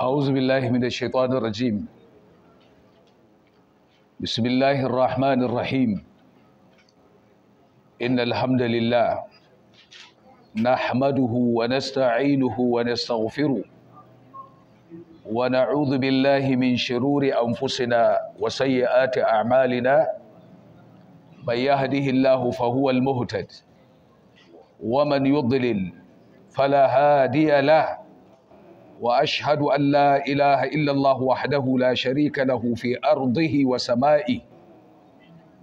أعوذ بالله من الشيطان الرجيم بسم الله الرحمن الرحيم إن الحمد لله نحمده ونستعينه ونستغفره ونعوذ بالله من شرور أنفسنا وسيئات أعمالنا من يهده الله فهو المهتد ومن يضلل فلا هادي له واشهد ان لا اله الا الله وحده لا شريك له في ارضه وسمائه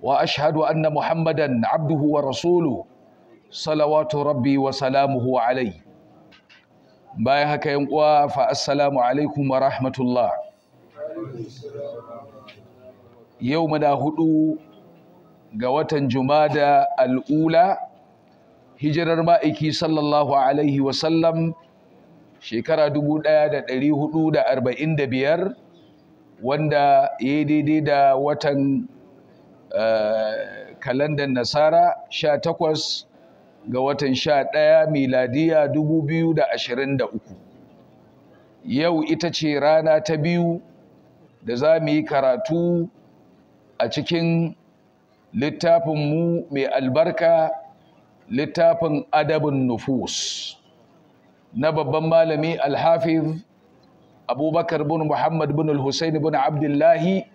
واشهد ان محمدا عبده ورسوله صلوات ربي وسلامه عليه باي هكا ينقوا فالسلام عليكم ورحمه الله يومنا هدو ga watan Jumada al'ula hijirar ma'aiki sallallahu Alaihi wasallam shekara dubu ɗaya da da da ɗari arba'in hudu biyar, wanda ya yi daidai da watan eh, kalandar nasara sha takwas ga watan sha ɗaya miladiya uku, yau ita ce rana ta biyu da za mu yi karatu a cikin littafinmu mai albarka littafin adabin nufus na babban malami alhafiz abubakar bin muhammad bin al bin abdullahi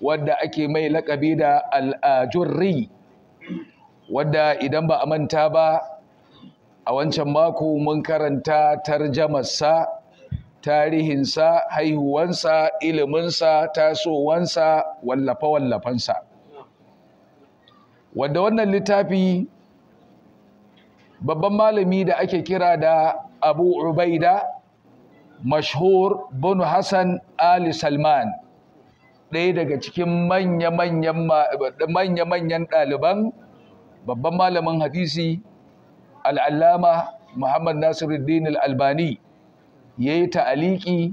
wadda ake mai laƙabi da al'ajurri wadda idan ba a manta ba a wancan mako mun karanta tarjamarsa tarihinsa haihuwansa iliminsa tasowansa wallafe wallafansa wadda wannan littafi babban malami da ake kira da abu ubaida mashhur bin hassan ali salman ɗaya daga cikin manya-manyan ɗaliban babban malamin hadisi al'allama muhammad nasiruddin al'albani ya yi ta'aliki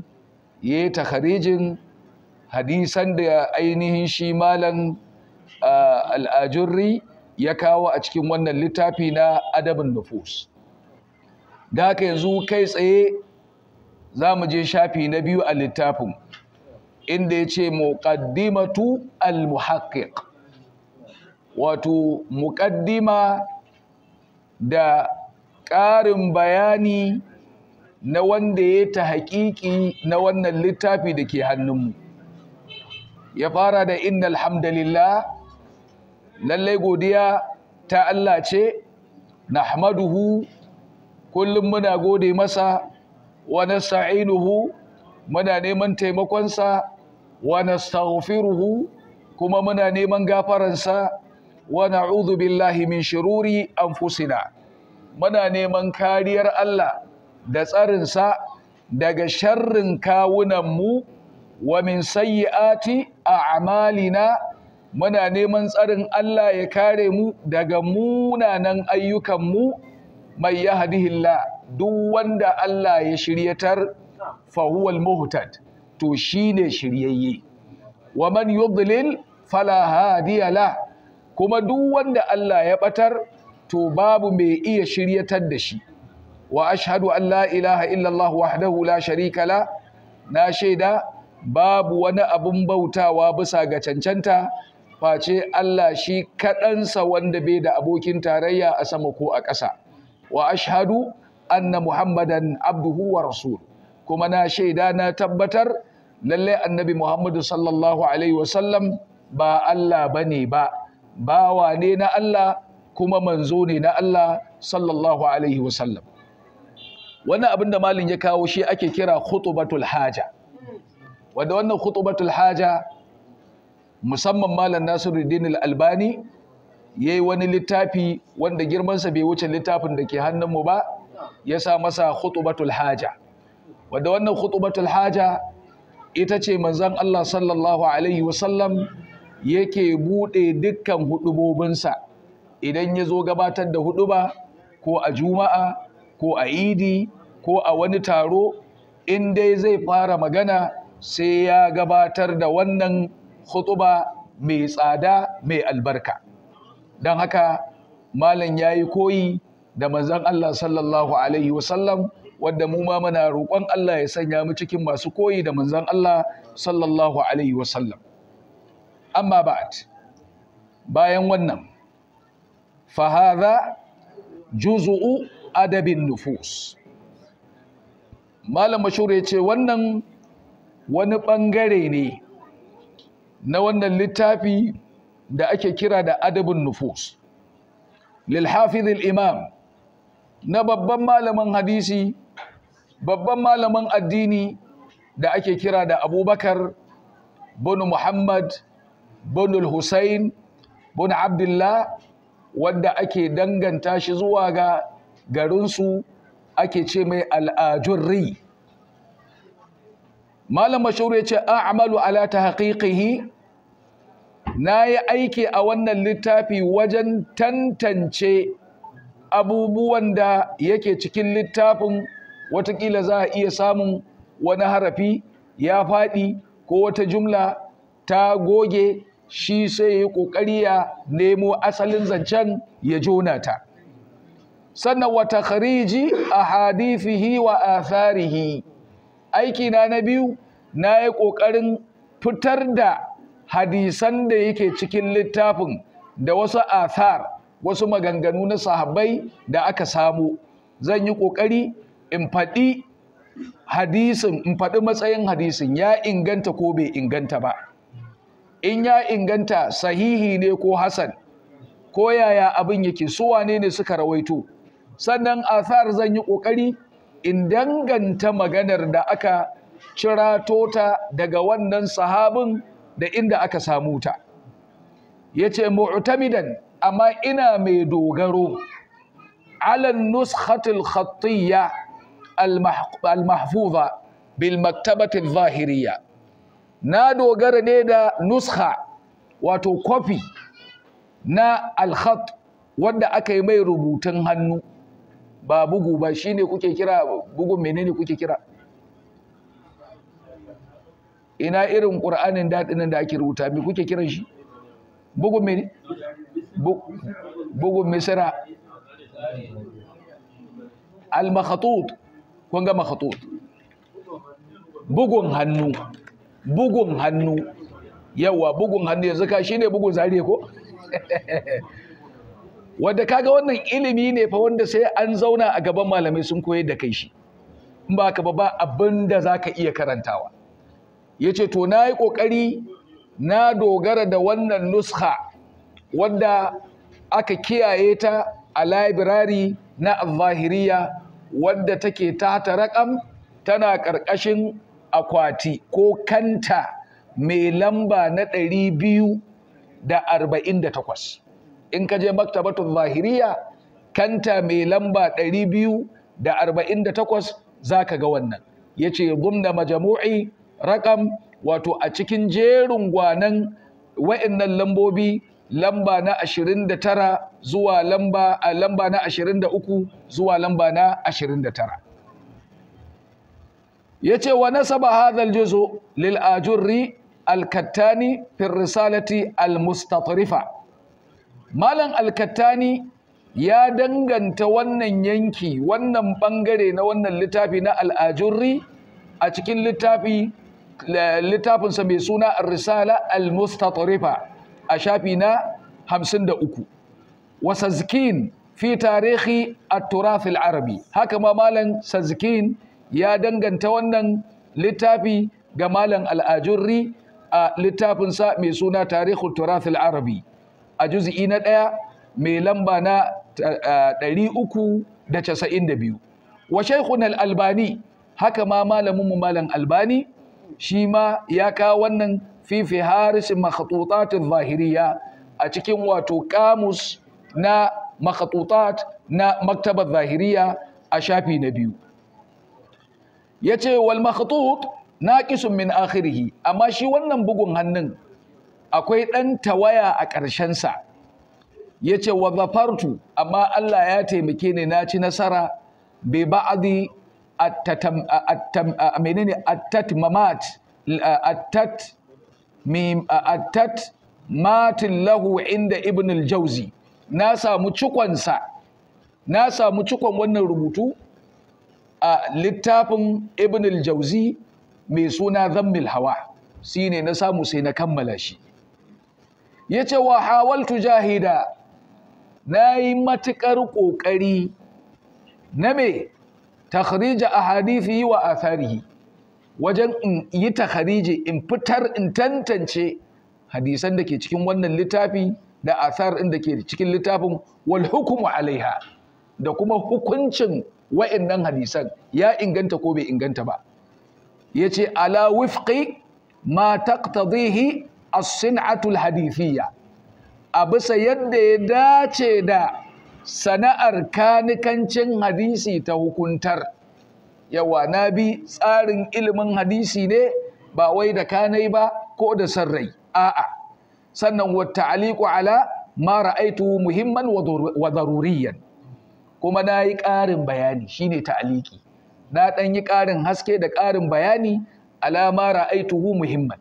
ya yi ta hadisan da ainihin shi malam ah, al'ajurri ya kawo a cikin wannan littafi na adabin nufus da haka yanzu kai tsaye za mu je shafi na biyu a littafin inda ya ce muƙaddimatu al-muhaqqiq wato muƙaddima da ƙarin bayani na wanda ya ta haƙiƙi na wannan littafi da ke hannunmu ya fara da inna alhamdulillah lallai godiya ta Allah ce nahmaduhu kullum muna gode masa wa nasta'inuhu muna neman taimakonsa wa nastaghfiruhu kuma muna neman gafaransa wa na'udhu billahi min shururi anfusina muna neman kariyar Allah da tsarinsa daga sharrin kawunanmu wa min sayyi'ati a'malina muna neman tsarin Allah ya kare mu daga munanan ayyukanmu mai yahdihillah duk wanda Allah ya shiryatar fahuwal muhtad to shine shiryayye wa man yudlil fala hadiya la kuma duk wanda Allah ya batar to babu mai iya shiryatar da shi wa ashhadu an la ilaha illallah wahdahu la sharika la na shaida babu wani abun bautawa bisa ga cancanta face Allah shi kaɗansa wanda bai da abokin tarayya a sama ko a ƙasa wa ashhadu anna muhammadan abduhu wa rasul kuma na shaida na tabbatar lallai annabi muhammadu sallallahu alaihi wasallam ba Allah bane ba bawa ne na Allah kuma manzo ne na Allah sallallahu alaihi wasallam wannan abin da malin ya kawo shi ake kira khutubatul haja wanda wannan khutubatul haja musamman malam Nasiruddin al-Albani ya yi wani littafi wanda girmansa bai wuce littafin da ke hannunmu ba ya sa masa khutubatul haja wadda wannan khutubatul haja ita ce manzan Allah sallallahu alaihi wasallam yake buɗe dukkan hudubobinsa idan ya zo gabatar da huduba ko a juma'a ko a idi ko a wani taro in dai zai fara magana sai ya gabatar da wannan khutuba mai tsada mai albarka don haka malam ya yi koyi da manzan Allah sallallahu alaihi wasallam wadda mu ma muna roƙon Allah ya sanya mu cikin masu koyi da manzan Allah sallallahu alaihi wasallam amma ba'at bayan wannan fahaza juzu'u adabin nufus malam mashur ya ce wannan wani ɓangare ne na wannan littafi da ake kira da adabun nufus lil hafizil imam na babban malamin hadisi babban malamin addini da ake kira da abubakar bin muhammad bin hussein bin abdullah wadda ake danganta shi zuwa ga garinsu ake ce mai al'ajurri malam mashuru ya ce a'amalu ala ta haƙiƙihi na yi aiki a wannan littafi wajen tantance abubuwan da yake cikin littafin watakila za a iya samun wani harafi ya faɗi ko wata jumla ta goge shi sai ya ƙoƙari ya nemo asalin zancen ya jona ta sannan wata khariji a hadifihi wa atharihi aikina na biyu na yi ƙoƙarin fitar da hadisan da yake cikin littafin da wasu athar wasu maganganu na sahabbai da aka samu zan yi ƙoƙari in faɗi hadisin in faɗi matsayin hadisin ya inganta ko bai inganta ba in ya inganta sahihi ne ko hasan ko yaya abin yake su wane ne suka rawaito sannan athar zan yi ƙoƙari in danganta maganar da aka cira tota daga wannan sahabin da inda aka samu ta yace mu'tamidan amma ina mai dogaro ala nuskhatil khattiyya al mahfuza bil maktabati zahiriyya na dogara ne da nuskha wato kwafi na al khat wanda aka yi mai rubutun hannu ba bugu ba shine kuke kira bugun menene kuke kira ina irin ƙur'anin daɗin da ake rubuta mai kuke kiran shi bugun me bugun misira al-makhatut kun ga makhatut bugun hannu bugun hannu yawa bugun hannu yanzu ka shine bugun zariya ko wanda kaga wannan ilimi ne fa wanda sai an zauna a gaban malamai sun koyar da kai shi in ba ka ba ba abin da za ka iya karantawa Yace to na yi ƙoƙari na dogara da wannan nuskha wadda aka kiyaye ta a labirari na zahiriya wadda take tata raƙam tana ƙarƙashin akwati ko kanta mai lamba na ɗari biyu da arba'in da takwas in ka je maktabatun zahiriya kanta mai lamba ɗari biyu da arba'in da takwas za ka ga wannan Yace ce gumna rakam wato a cikin jerin gwanan wa'annan lambobi lamba na 29 zuwa lamba a lamba na 23 zuwa lamba na 29 yace wa nasaba hadha aljuzu lil ajurri alkattani fi risalati almustatrifa malam alkattani ya danganta wannan yanki wannan bangare na wannan littafi na al'ajurri a cikin littafi littafinsa mai suna risala al-mustatrifa a shafi na 53 wasazkin fi tarihi a turath arabi haka ma malam sazkin ya danganta wannan littafi ga malam al a littafinsa mai suna tarihi at arabi a juzi'i na ɗaya mai lamba na 392 eh, wa shaykhun albani haka ma malamin mu malam albani shi ma ya kawo wannan fifi harisin makhatutatun zahiriya a cikin wato kamus na makhatutat na maktabar zahiriya a shafi na biyu ya ce wal makhatut naqisun min akhirihi amma shi wannan bugun hannun akwai ɗan tawaya a ƙarshensa ya ce wa zafartu amma Allah ya taimake ni na ci nasara bi ba'adi menene attat mim attat matin lahu inda ibn al-jauzi na samu cikonsa na samu cikon wannan rubutu a littafin ibn al-jauzi mai suna zammil hawa sine na samu sai na kammala shi yace ce wa hawaltu jahida na yi matuƙar ƙoƙari na me a ahadithi wa atharihi wajen in yi takhariji in fitar in tantance hadisan da ke cikin wannan littafi da athar ɗin da ke cikin littafin wal hukumu alaiha da kuma hukuncin wa'annan hadisan ya inganta ko bai inganta ba yace ala wifqi ma taqtadihi as-sin'atu al-hadithiyya a bisa yadda ya dace da sana'ar kanikancin hadisi ta hukuntar yawa na bi tsarin ilimin hadisi ne ba wai da kanai ba ko da sarrai a'a sannan wata aliku ala mara aitu muhimman wa daruriyan kuma na yi ƙarin bayani shine ta'aliki na ɗan yi ƙarin haske da ƙarin bayani ala ma ra'aituhu muhimman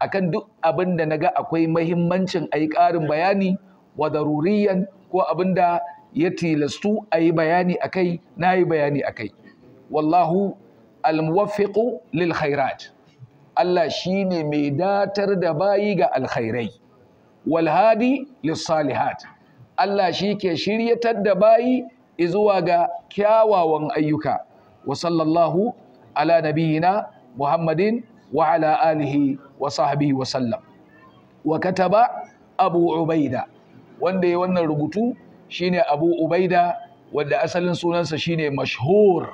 akan duk abin da na ga akwai mahimmancin yi ƙarin bayani wa daruriyan ko abin da ya tilastu a yi bayani a kai na yi bayani a kai wallahu almuwaffiqu lil khairat Allah shi ne mai datar da bayi ga alkhairai walhadi lis salihat Allah shi ke shiryatar da bayi izuwa ga kyawawan ayyuka wa sallallahu ala nabiyina muhammadin wa ala alihi wa sahbihi wa sallam wa kataba abu ubaida wanda ya wannan rubutu shine Abu Ubaida wanda asalin sunansa shine mashhur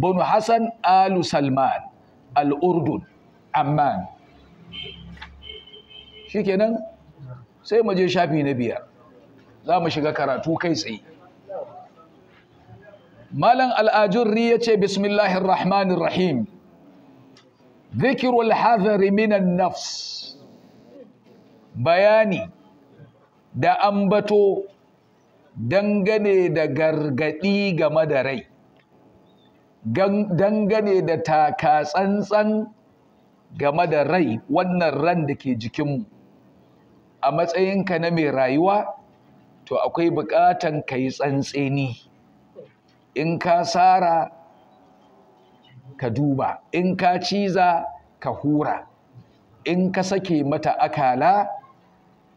bin Hassan Alu Salman al-Urdun Amman shikenan sai mu je shafi na biyar za mu shiga karatu kai tsaye Malam Al'ajirri ya ce, Bismillahir Rahmanir Rahim, zikirul hazari minan nafs, bayani da ambato dangane da gargaɗi game da rai dangane da taka tsantsan game da rai wannan ran da ke jikinmu a matsayinka na mai rayuwa to akwai buƙatan ka yi tsantseni in ka sara ka duba in ka ciza ka hura in ka sake mata akala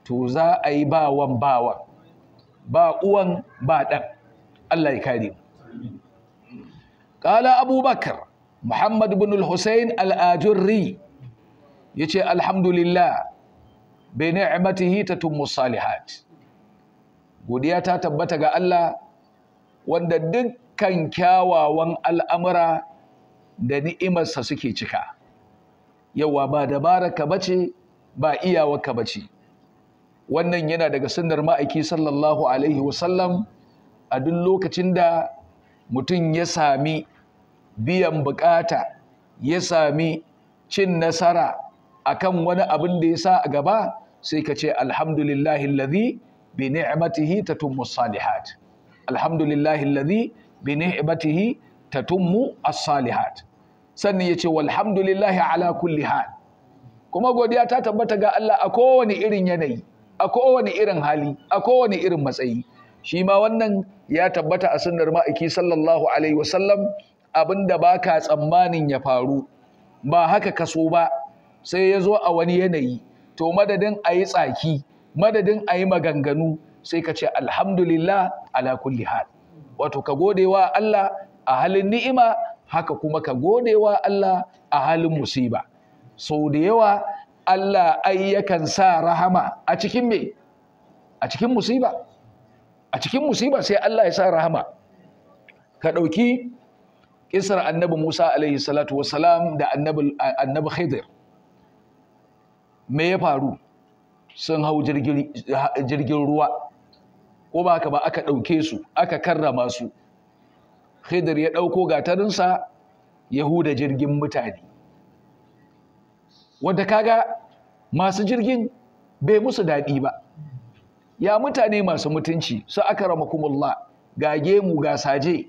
to za a yi bawan bawan ba uwan ba ɗan Allah ya kare ƙala abubakar muhammad bin al-hussein al'ajurri ya ce alhamdulillah bai ni'amatihi ta salihat godiya ta tabbata ga Allah wanda dukkan kyawawan al'amura da ni'imarsa suke cika yawa ba dabara ka bace ba iyawa ka bace wannan yana daga sunnar ma'aiki sallallahu alaihi wasallam a duk lokacin da mutum ya sami biyan bukata ya sami cin nasara akan wani abin da ya sa a gaba sai ka ce alhamdulillahi alladhi bi ni'matihi tatummu salihat alhamdulillahi alladhi bi ni'matihi tatummu as-salihat sannan yace walhamdulillahi ala kulli hal kuma godiya ta tabbata ga Allah a kowane irin yanayi a kowane irin hali a kowane irin matsayi shi ma wannan ya tabbata a sunnar ma'aiki sallallahu alaihi wasallam abinda baka tsammanin ya faru ba haka kaso ba sai ya zo a wani yanayi to madadin a yi tsaki madadin a yi maganganu sai ka ce alhamdulillah ala kulli hal wato ka gode wa Allah a halin ni'ima haka kuma ka gode wa Allah a halin musiba sau da yawa Allah ai yakan sa rahama a cikin me a cikin musiba a cikin musiba sai Allah ya sa rahama ka ɗauki kisar annabi Musa alaihi salatu wassalam da annabi Khidir me ya faru sun hau jirgin ruwa ko ba ka ba aka ɗauke su aka karrama su Khidir ya ɗauko gatarinsa ya huda jirgin mutane wadda kaga masu jirgin bai musu daɗi ba ya mutane masu mutunci su aka ramakumullah ga gemu ga saje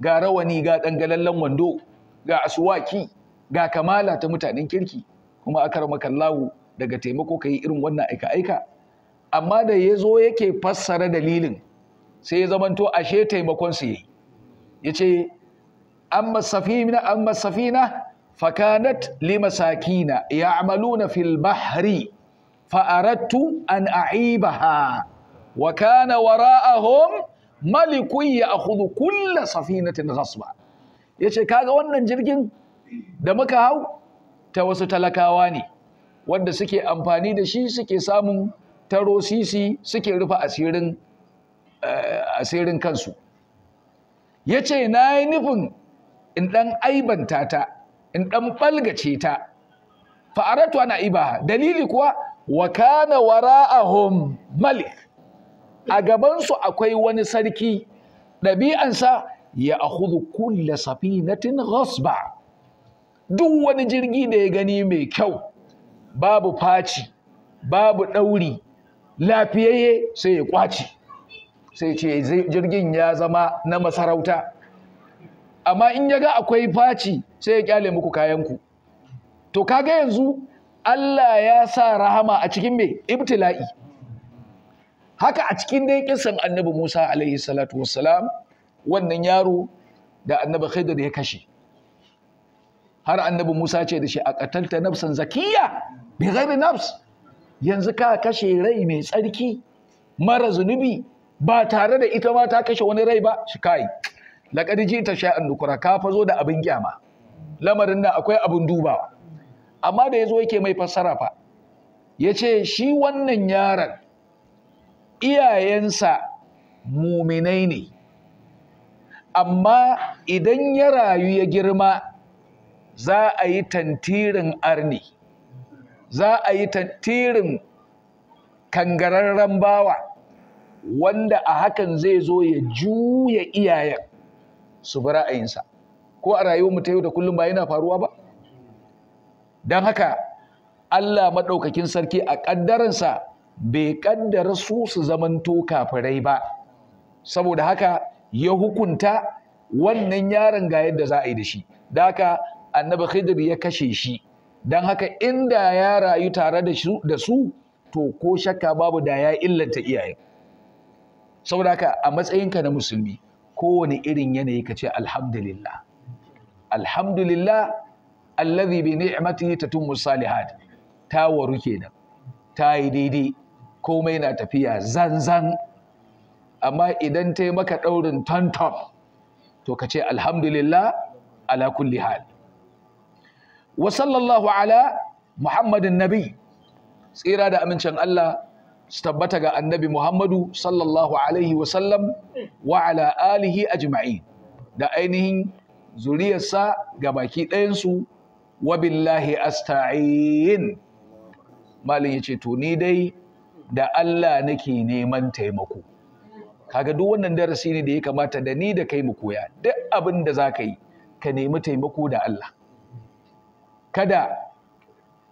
ga rawani ga ɗangalallen wando ga asuwaki ga kamala ta mutanen kirki kuma aka ramakallahu daga taimako ka yi irin wannan aika-aika amma da ya zo yake fassara dalilin sai ya zamanto ashe taimakon su yi ya ce an safina amma fakanat limasakina ya'maluna fil bahri fa'aradtu an a'ibaha wa kana wara'ahum malikun ya'khudhu kull safinatin ghasba yace kaga wannan jirgin da muka hau ta wasu talakawa ne wanda suke amfani da shi suke samun taro sisi suke rufe asirin kansu yace nayi nufin in dan aibanta in ɗan ɓalgace ta fa'aratu ana ibaha dalili kuwa wa kana wara'ahum malik a gabansu akwai wani sarki ɗabi'ansa ya ahudu kulla safinatin ghasba duk wani jirgi da ya gani mai kyau babu faci babu ɗauri lafiyayye sai ya kwaci sai ce jirgin ya zama na masarauta amma in ya ga akwai faci sai ya kyale muku kayanku to kaga yanzu Allah ya sa rahama a cikin mai ibtila'i haka a cikin dai kisan annabi Musa alaihi salatu wassalam wannan yaro da annabi Khidir ya kashe har annabi Musa ce da shi a katalta nafsan zakiya bi ghairi nafs yanzu ka kashe rai mai tsarki mara zunubi ba tare da ita ma ta kashe wani rai ba shi kai laqad ta sha'an nukura ka fa zo da abin kyama lamarin nan akwai abin dubawa amma da ya zo yake mai fassara fa ce shi wannan yaron iyayensa muminai ne amma idan ya rayu ya girma za a yi tantirin arni za a yi tantirin kangararren bawa wanda a hakan zai zo ya juya iyayen su bi ra'ayinsa ko a rayuwar mu ta yau da kullum ba yana faruwa ba don haka Allah maɗaukakin sarki a ƙaddaransa bai ƙaddara su su zamanto kafirai ba saboda haka ya hukunta wannan yaron ga yadda za a yi da shi da haka annabi khidir ya kashe shi don haka inda ya rayu tare da su to ko shakka babu da ya illanta iyayen saboda haka a matsayinka na musulmi kowane irin yanayi ka ce alhamdulillah alhamdulillah allazi bi ni'matihi tatummu salihat ta waru kenan ta yi daidai komai na tafiya zanzan amma idan ta yi maka ɗaurin tantan to ka ce alhamdulillah ala kulli hal wa sallallahu ala muhammadin nabi tsira da amincin Allah su tabbata ga annabi Muhammadu sallallahu alaihi wasallam wa ala alihi jima'i, da ainihin zuriyarsa ga baki ɗayansu wa billahi asta'in malin ya ce to ni dai da Allah nake neman taimako kaga duk wannan darasi ne da ya kamata da ni da kai mu koya duk abin da za ka yi ka nemi taimako da Allah kada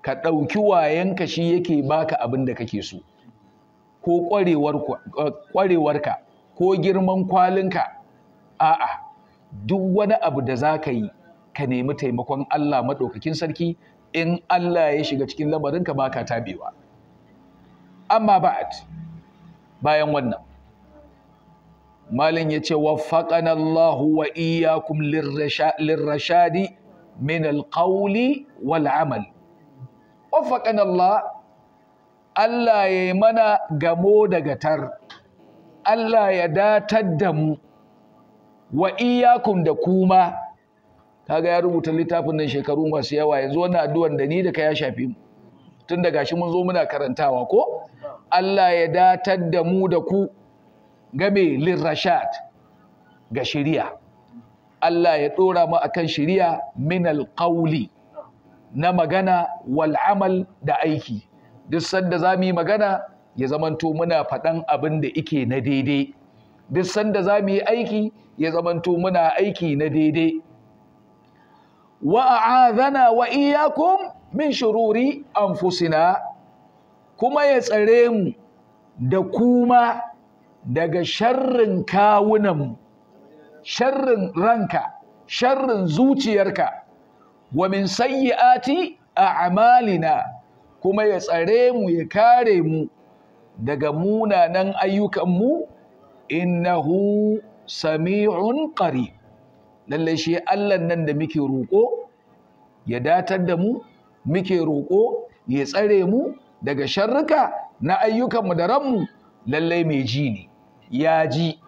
ka ɗauki wayanka shi yake baka abin da kake so ko eh, ƙwarewarka ko girman kwalinka a'a duk wani abu da za ka yi ka nemi taimakon Allah maɗaukakin sarki in Allah ya shiga cikin lamarinka ba ka tabewa amma ba'ad bayan wannan malin ya ce waffaqana Allahu wa iyyakum lirrashadi min alqawli wal amal Allah Allah ya yi mana gamo daga tar Allah ya datar da mu wa iyakun da kuma kaga ya rubuta littafin nan shekaru masu yawa yanzu wannan addu'an da ni da ka ya shafi mu tun da gashi mun zo muna karantawa ko Allah ya datar da mu da ku game lirrashad ga shirya Allah ya ɗora mu akan shirya min ƙauli na magana wal'amal da aiki duk sanda za mu yi magana ya zamanto muna faɗan abin da ike na daidai duk sanda za mu yi aiki ya zamanto muna aiki na daidai wa wa iyakum min shururi anfusina kuma ya tsare mu da kuma daga sharrin kawunanmu sharrin ranka sharrin zuciyarka wa min sayyi'ati a'malina kuma ya tsare mu ya kare mu daga munanan ayyukanmu innahu sami'un qari lallai shi Allah nan da muke roƙo ya datar da mu muke roƙo ya tsare mu daga sharruka na ayyukanmu da ranmu lallai mai ji ne ya ji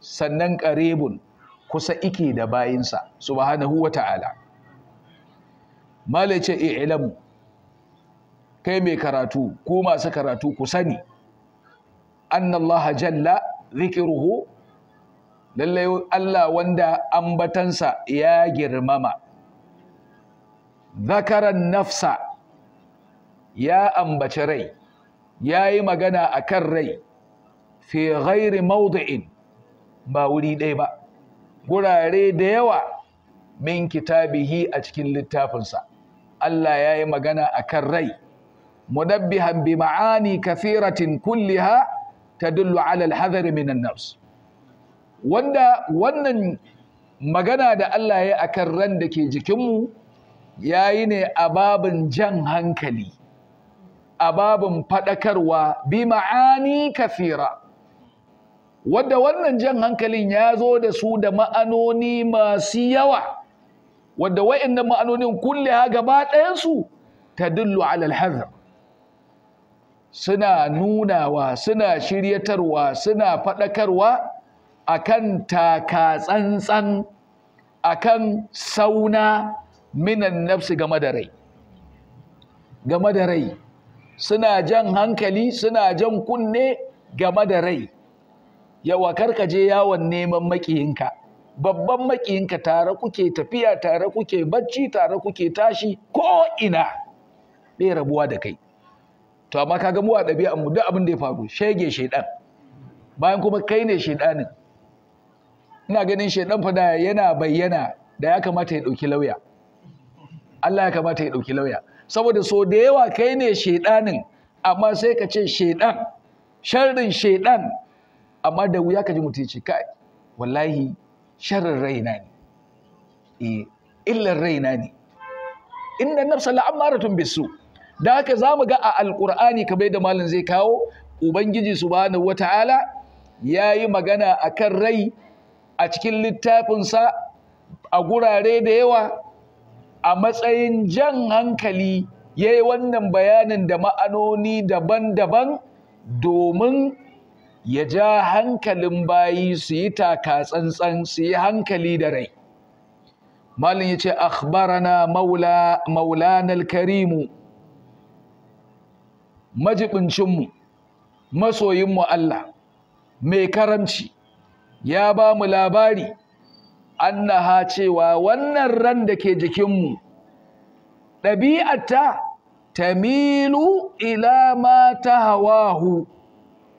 sannan ƙarebun kusa ike da bayinsa subhanahu wa ta'ala malace i'lamu kai mai karatu ko masu karatu ku sani annallaha jalla zikiruhu lallai Allah wanda ambatansa ya girmama zakaran nafsa ya ambaci rai ya yi magana a kan rai fi ghairi maudu'in ba wuri ɗaya ba gurare da yawa min kitabihi a cikin littafinsa Allah ya yi magana a kan rai منبها بمعاني كثيرة كلها تدل على الحذر من النفس wanda wannan magana da Allah ya yi a kan ran da ke jikinmu ya yi ne a babin jan hankali a babin faɗakarwa bi ma'ani kafira wadda wannan jan hankalin ya zo da su da ma'anoni masu yawa wadda wa'annan ma'anonin kulle ha gaba ɗayansu ta dullu alal hazar suna nunawa suna shiryatarwa suna faɗakarwa akan taka tsantsan akan sauna minan nafsi game da rai game da rai suna jan hankali suna jan kunne game da rai yawa je yawon neman makiyinka babban makiyinka tare kuke tafiya tare kuke bacci tare kuke tashi ko ina bai rabuwa da kai to amma ka ga mu a ɗabi'an mu duk abin da ya faru shege shaidan bayan kuma kai ne shaidanin ina ganin shaidan fa da yana bayyana da ya kamata ya ɗauki lauya Allah ya kamata ya ɗauki lauya saboda so da yawa kai ne shaidanin amma sai ka ce shaidan sharrin shaidan amma da wuya ka ji mutum ce kai wallahi sharrin raina ne eh illar raina ne inna nafsa amaratun bisu da haka za mu ga a alkur'ani kamar da malam zai kawo ubangiji subhanahu wata'ala ya yi magana a kan rai a cikin littafinsa a gurare da yawa a matsayin jan hankali ya yi wannan bayanin da ma'anoni daban-daban domin ya ja hankalin bayi su yi taka tsantsan su yi hankali da rai malin ya ce akhbarana maulana karimu majibincinmu masoyinmu Allah mai karamci ya ba mu labari annaha cewa wannan ran da ke jikinmu ɗabi'arta tamilu ila ma Hawahu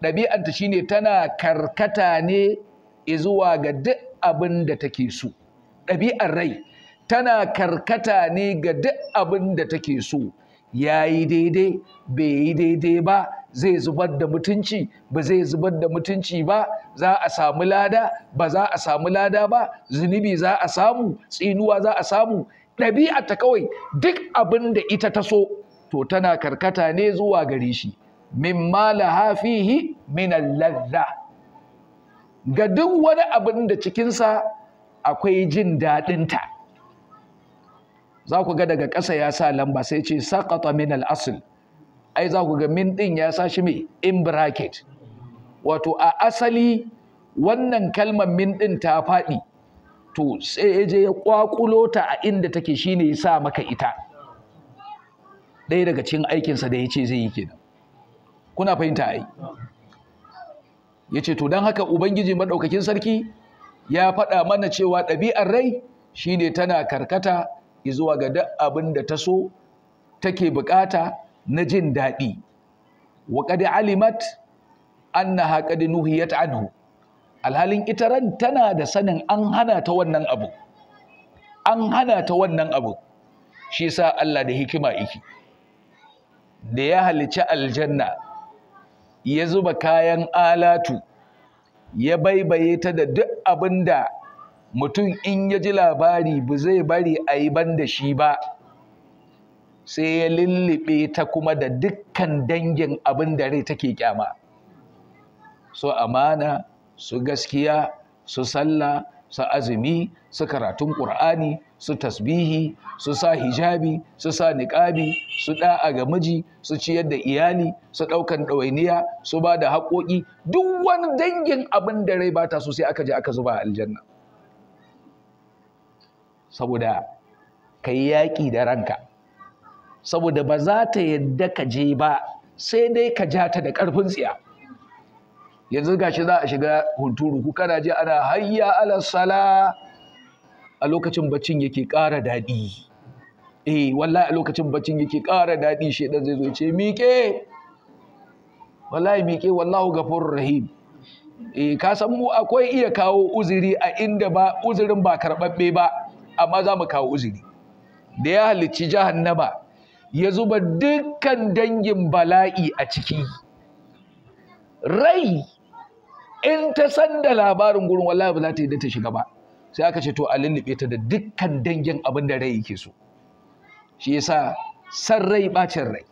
ɗabi'arta shine tana karkata ne zuwa ga duk abin da take so ɗabi'ar rai tana karkata ne ga duk abin da take so ya yi daidai bai yi daidai ba zai zubar da mutunci ba zai zubar da mutunci ba za a samu lada ba za a samu lada ba zunubi za a samu tsinuwa za a samu ɗabi'a ta kawai duk abin da ita ta so to tana karkata ne zuwa gare shi mimma lahafihi fihi min ladda ga duk wani abin da cikinsa akwai jin daɗinta za ku ga daga ƙasa ya sa lamba sai ce saƙata min al'asul ai za ku ga min ɗin ya sa shi mai in bracket wato a asali wannan kalmar min ɗin ta faɗi to sai ya je ya ƙwaƙulo ta a inda take shine ya sa maka ita ɗaya daga cikin aikinsa da ya ce zai yi kenan kuna fahimta ai ya ce to don haka ubangiji maɗaukakin sarki ya faɗa mana cewa ɗabi'ar rai shine tana karkata izuwa ga duk abin da ta so take bukata na jin daɗi wa qad alimat annaha qad nuhiyat anhu alhalin ita ran tana da sanin an hana ta wannan abu an hana ta wannan abu shi yasa Allah da hikima yake da ya halici aljanna ya zuba kayan alatu ya baibaye ta da duk abin da mutum in ya ji labari ba zai bari a yi ban da shi ba sai ya lullube ta kuma da dukkan dangin abin da rai take kyama su amana su gaskiya su sallah su azumi su karatun ƙur'ani su tasbihi su sa hijabi su sa niƙabi su ɗa'a ga miji su ciyar da iyali su ɗaukan ɗawainiya su ba da haƙoƙi duk wani dangin abin da rai ba ta so sai aka je aka zuba a aljanna saboda ka yi yaƙi da ranka saboda ba za ta yadda ka je ba sai dai ka ja ta da ƙarfin tsiya yanzu ga shi za a shiga hunturu ku kana ji ana hayya ala sala a lokacin baccin yake ƙara daɗi eh wallahi a lokacin baccin yake ƙara daɗi shi dan zai zo ce miƙe wallahi miƙe wallahu gafurur rahim eh ka san mu akwai iya kawo uzuri a inda ba uzurin ba karɓaɓɓe ba amma za mu kawo uzuri da ya halicci jahannama ya zuba dukkan dangin bala'i a ciki rai in ta san da labarin gurin wallahi ba za ta yi da ta shiga ba sai aka ce to a lullube ta da dukkan dangin abin da rai yake so shi yasa san rai bacin rai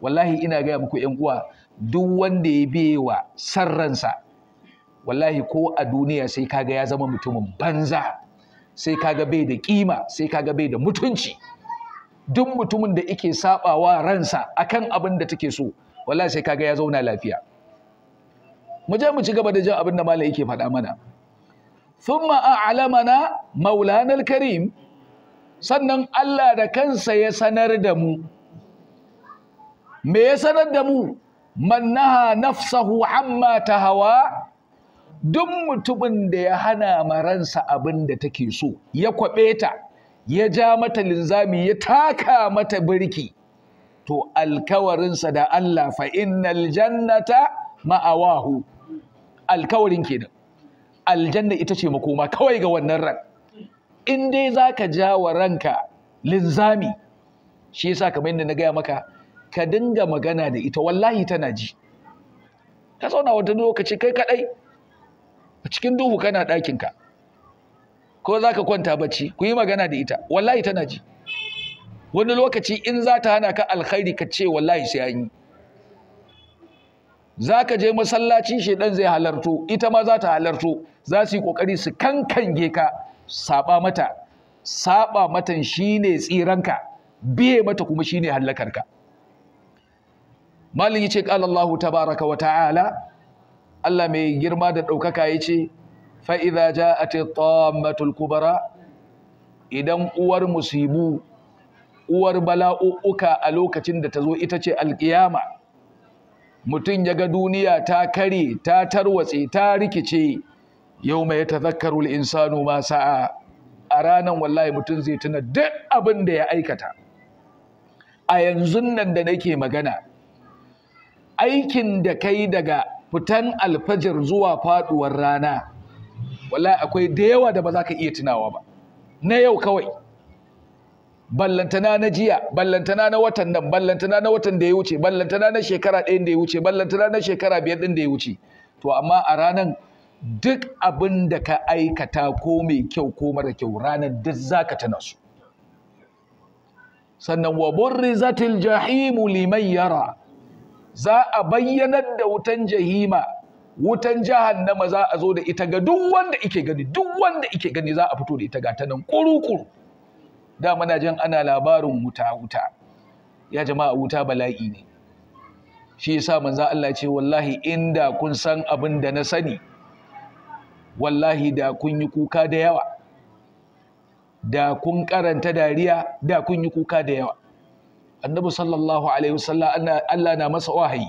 wallahi ina gaya muku yan uwa duk wanda ya biyewa san ransa wallahi ko a duniya sai kaga ya zama mutumin banza sai kaga bai da kima sai kaga bai da mutunci duk mutumin da yake sabawa ransa akan abin da take so wallahi sai kaga ya zauna lafiya mu je mu ci gaba da jin abin da malam yake faɗa mana thumma a'lamana maulana al-karim sannan Allah da kansa ya sanar da mu me ya sanar da mu man naha nafsahu amma tahawa duk mutumin da ya hana maransa abin da take so ya kwaɓe ta ya ja mata linzami ya taka mata birki to alkawarinsa da Allah fa innal jannata ma'awahu alkawarin kenan aljanna ita ce makoma kawai ga wannan ran in dai zaka ja wa ranka linzami shi yasa kamar yadda na gaya maka ka dinga magana da ita wallahi tana ji ka zauna wata lokaci kai kadai cikin duhu kana ɗakinka ko za ka kwanta bacci ku yi magana da ita wallahi tana ji wani lokaci in za ta hana ka alkhairi ka ce wallahi sai an yi za ka je masallaci dan zai halarto ita ma za ta halarto za su yi ƙoƙari su kankange ka Saɓa mata saba matan shine tsiranka biye mata kuma shine hallakarka malin yace qala Allah tabaaraka wa ta'ala Allah mai girma da ɗaukaka ya ce fa'iza ja a ce kubara idan uwar musibu uwar bala'u'uka a lokacin da ta zo ita ce alƙiyama mutum ya ga duniya ta kare ta tarwatse ta rikice yau mai ta zakarul insanu ma sa'a a ranar wallahi mutum zai tuna duk abin da ya aikata a yanzun nan da nake magana aikin da kai daga fitan alfajir zuwa faduwar rana wallahi akwai da yawa da ba za ka iya tunawa ba na yau kawai ballantana na jiya ballantana na watan nan ballantana na watan da ya wuce ballantana na shekara ɗayan da ya wuce ballantana na shekara biyar ɗin da ya wuce to amma a ranan duk abin da ka aikata ko mai kyau ko mara kyau ranar duk za ka tana su sannan wa burrizatil jahimu liman yara za a bayyanar da wutan jahima wutan jahannama za a zo da ita ga duk wanda ike gani duk wanda ike gani za a fito da ita ga ta nan kuru-kuru da muna jan ana labarin wuta-wuta ya jama'a wuta bala'i ne shi yasa manzo Allah ce wallahi inda kun san abin da na sani wallahi da kun yi kuka da yawa da kun karanta dariya da kun yi kuka da yawa annabi sallallahu alaihi wasallam Allah na masa wahayi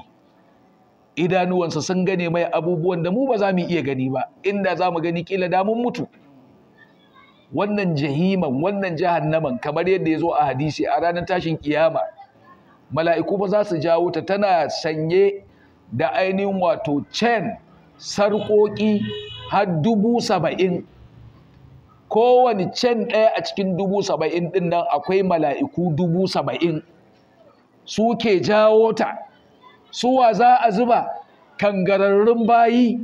idanuwansa sun gane mai abubuwan da mu ba za mu iya gani ba inda za mu gani kila da mun mutu wannan jahiman wannan jahannaman kamar yadda ya zo a hadisi a ranar tashin kiyama mala'iku ba za su jawo ta tana sanye da ainihin wato chain sarƙoƙi har dubu saba'in kowani can ɗaya a cikin dubu saba'in ɗin nan akwai mala'iku dubu saba'in su ke jawo ta suwa za a zuba kangararrun bayi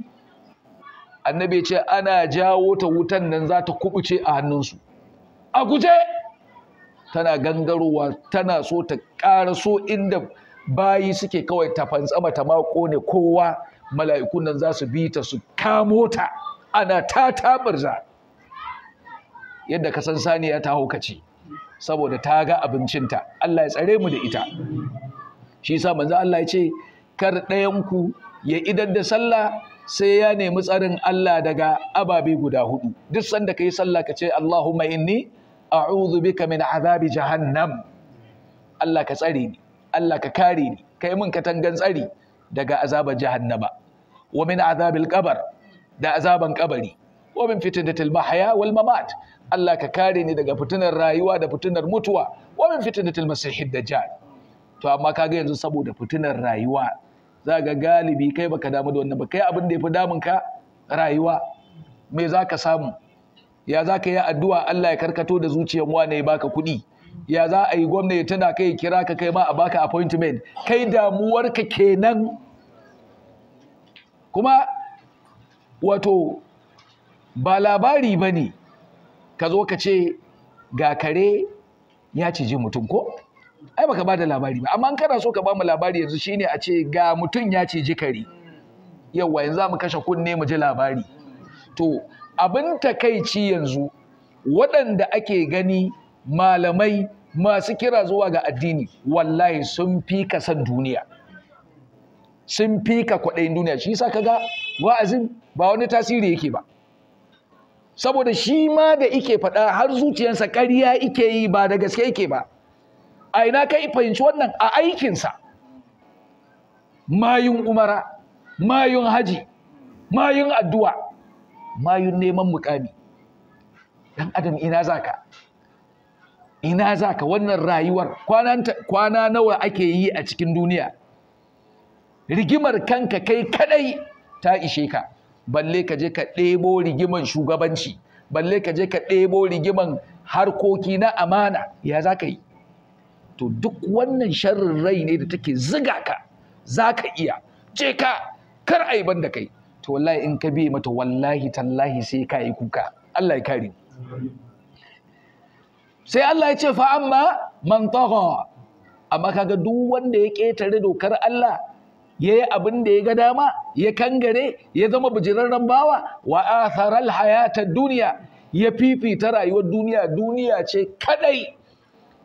annabi ce ana jawo ta wutan nan za ta kubuce a hannunsu a guje tana gangarowa tana so ta ƙara so inda bayi suke kawai ta fantsama ta mako ne kowa mala'ikun nan za su bi ta su kamo ta ana ta tabarza yadda ka san saniya ta ce. saboda ta ga abincinta Allah ya tsare mu da ita shi sa manzo Allah ya ce kar ɗayanku ya idar da sallah sai ya nemi tsarin Allah daga ababe guda hudu duk sanda kai sallah ka ce Allahumma inni a'udhu bika min azabi jahannam Allah ka tsare ni Allah ka kare ni kai min katangan tsari daga azabar jahannama wa min azabil qabr da azaban kabari wa min fitnatil mahya wal mamat Allah ka kare ni daga fitinar rayuwa da fitinar mutuwa wa min fitnatil masihid dajjal to amma ga yanzu saboda fitinar rayuwa za ga galibi kai baka damu da wannan ba kai abin da yafi damun ka rayuwa me za ka samu ya za ka yi addu'a Allah ya karkato da zuciyar wane ya baka kuɗi ya za a yi gwamna ya tana kai kira ka kai ma a baka appointment kai damuwarka kenan kuma wato ba labari ba ne ka zo ka ce ga kare ya ciji mutum ko ai baka ba da labari ba amma kana so ka ba mu labari yanzu shine a ce ga mutum ya ciji kare yawa yanzu za mu kashe kunne mu ji labari to abin takaici yanzu waɗanda ake gani malamai masu kira zuwa ga addini wallahi sun fi ka san duniya sun fi ka kwaɗayin duniya shi sa ka ga wa'azin ba wani tasiri yake ba saboda shi ma da ike faɗa har zuciyarsa ƙarya ike yi ba da gaske ike ba a ina kai fahimci wannan a aikinsa mayun umara mayun haji mayun addu'a mayun neman mukami dan adam ina zaka ina zaka wannan rayuwar kwana nawa ake yi a cikin duniya rigimar kanka kai kadai ta ishe ka balle ka je ka ɗebo rigiman shugabanci balle ka je ka ɗebo rigiman harkoki na amana ya za ka yi to duk wannan sharrin rai ne da take ziga ka za ka iya je ka kar a yi ban kai to wallahi in ka biya mata wallahi tallahi sai ka yi kuka Allah ya kare sai Allah ya ce fa amma man tagha amma kaga duk wanda ya ketare dokar Allah ya yi abin da ya ga dama ya kangare ya zama bujirarren bawa wa atharal hayatar duniya ya fifita rayuwar duniya duniya ce kadai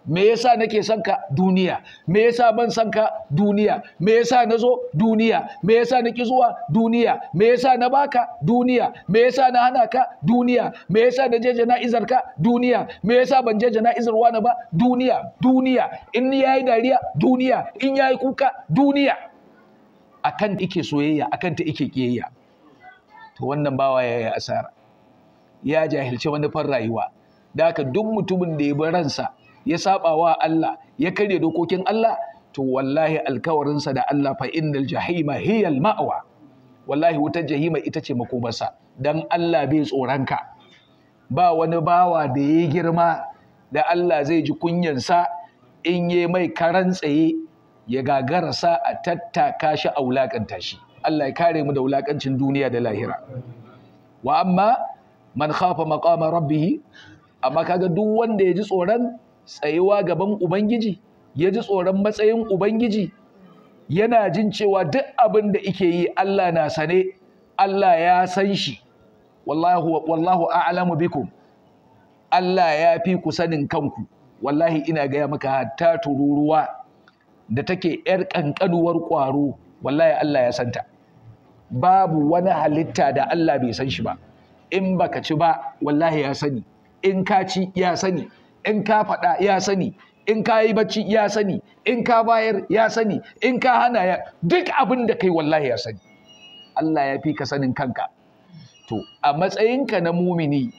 me yasa nake son ka duniya me yasa ban son ka duniya me yasa na zo duniya me yasa na ki zuwa duniya me yasa na baka duniya me yasa na hana ka duniya me yasa na je jana'izar ka duniya me yasa ban je jana'izar na ba duniya duniya in yayi dariya duniya in yayi kuka duniya akan ike soyayya akan ta ike kiyayya to wannan bawa ya yi asara ya jahilci wani fan rayuwa da haka duk mutumin da ya bar ransa ya saba wa Allah ya karya dokokin Allah to wallahi alkawarinsa da Allah fa innal jahima hiyal ma'wa wallahi wutar jahima ita ce makomarsa dan Allah bai tsoronka ba wani bawa da ya girma da Allah zai ji kunyansa in yi mai karan tsaye ya gagarasa a tattaka shi a wulakanta shi Allah ya kare mu da wulakancin duniya da lahira wa amma man khafa maqama rabbih amma kaga duk wanda ya ji tsoron tsayuwa gaban ubangiji ya ji tsoron matsayin ubangiji yana jin cewa duk abin da ike yi Allah na sane Allah ya san shi wallahu wallahu a'lamu bikum Allah ya fi ku sanin kanku wallahi ina gaya maka hatta tururuwa da take ‘yar ƙanƙanuwar ƙwaro wallahi Allah ya santa babu wani halitta da Allah bai san shi ba in baka ci ba wallahi ya sani in ka ci ya sani in ka faɗa ya sani in ka yi bacci ya sani in ka bayar ya sani in ka hana ya duk abin da kai wallahi ya sani Allah ya fi ka sanin kanka to a matsayinka na mumini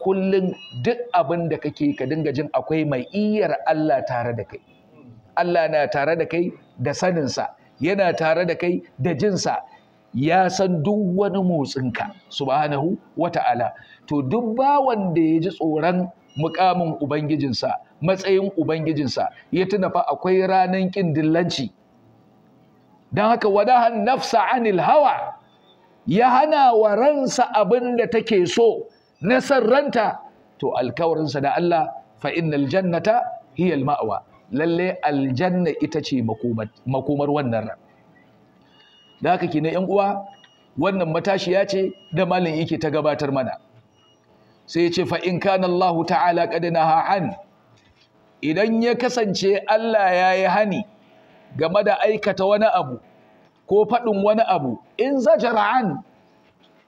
kullum duk abin da kake ka dinga jin akwai mai iyar Allah tare da kai Allah na tare da kai da saninsa yana tare da kai da jinsa ya san duk wani motsinka subhanahu ta'ala. to duk bawan da ya ji tsoron mukamin ubangijinsa matsayin ubangijinsa ya tuna fa akwai ranar ƙin dillanci don haka wadahan nafsa anil hawa ya hana wa ransa abin da take so na san ranta to alkawarinsa da Allah fa innal jannata hiya lalle aljanna ita ce makomar wannan ran da haka kenan yan uwa wannan matashiya ce da malin yake ta gabatar mana sai ya ce fa in kana Allah ta'ala qad naha an idan ya kasance Allah ya yi hani game da aikata wani abu ko faɗin wani abu in zajara an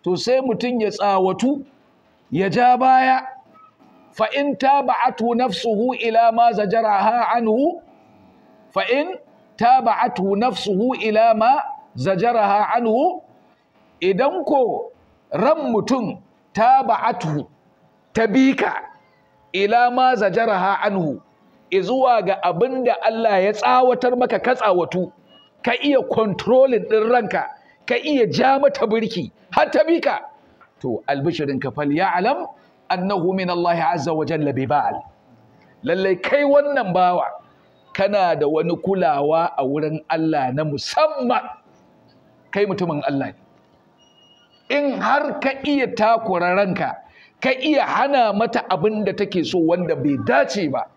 to sai mutum ya tsawatu ya ja baya fa in tabaatu nafsuhu ila ma zajaraha anhu fa in tabaatu nafsuhu ila ma zajaraha anhu idan ko ran mutum tabaatu tabika ila ma zajaraha anhu izuwa ga abin da Allah ya tsawatar maka ka tsawatu ka iya kontrolin ɗin ranka ka iya ja mata birki har ta bika to albishirin ka fal ya'lam annahu min Allah azza wa jalla bi ba'al kai wannan bawa kana da wani kulawa a wurin Allah na musamman kai mutumin Allah ne in har ka iya takura ranka ka iya hana mata abin da take so wanda bai dace ba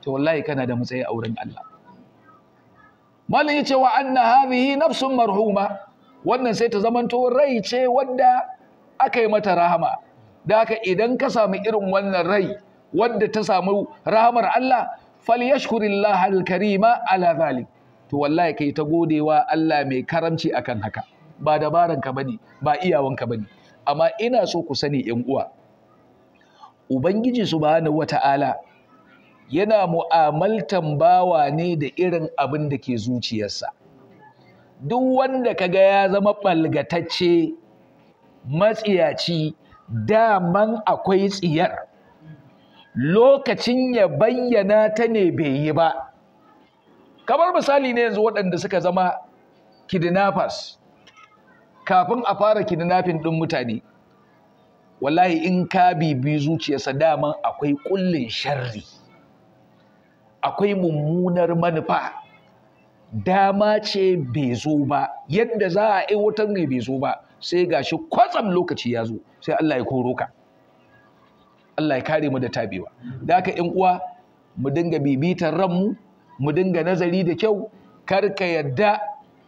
to wallahi kana da matsayi a wurin Allah malin yace wa anna hadhihi nafsun marhuma wannan sai ta zamanto rai ce wanda aka yi mata rahama da haka idan ka samu irin wannan rai wadda ta samu rahamar Allah falyashkurillah alkarima ala zalik to wallahi kai ta godewa Allah mai karamci akan haka ba dabaran ka bane ba iyawan ka bane amma ina so ku sani ƴan uwa ubangiji subhanahu wata'ala yana mu'amaltan bawa ne da irin abin da ke zuciyarsa duk wanda kaga ya zama balgatacce matsiyaci daman akwai tsiyar lokacin ya bayyana ta ne bai yi ba kamar misali ne yanzu waɗanda suka zama kidnappers kafin a fara kidnapping ɗin mutane wallahi in ka bibi zuciyarsa daman akwai ƙullin sharri akwai mummunar manufa dama ce bai zo ba yadda za a aiwatar ne bai zo ba sai gashi kwatsam lokaci ya zo sai Allah ya koro ka Allah ya kare mu da tabewa da haka ƴan uwa mu dinga bibitar ranmu mu dinga nazari da kyau kar ka yadda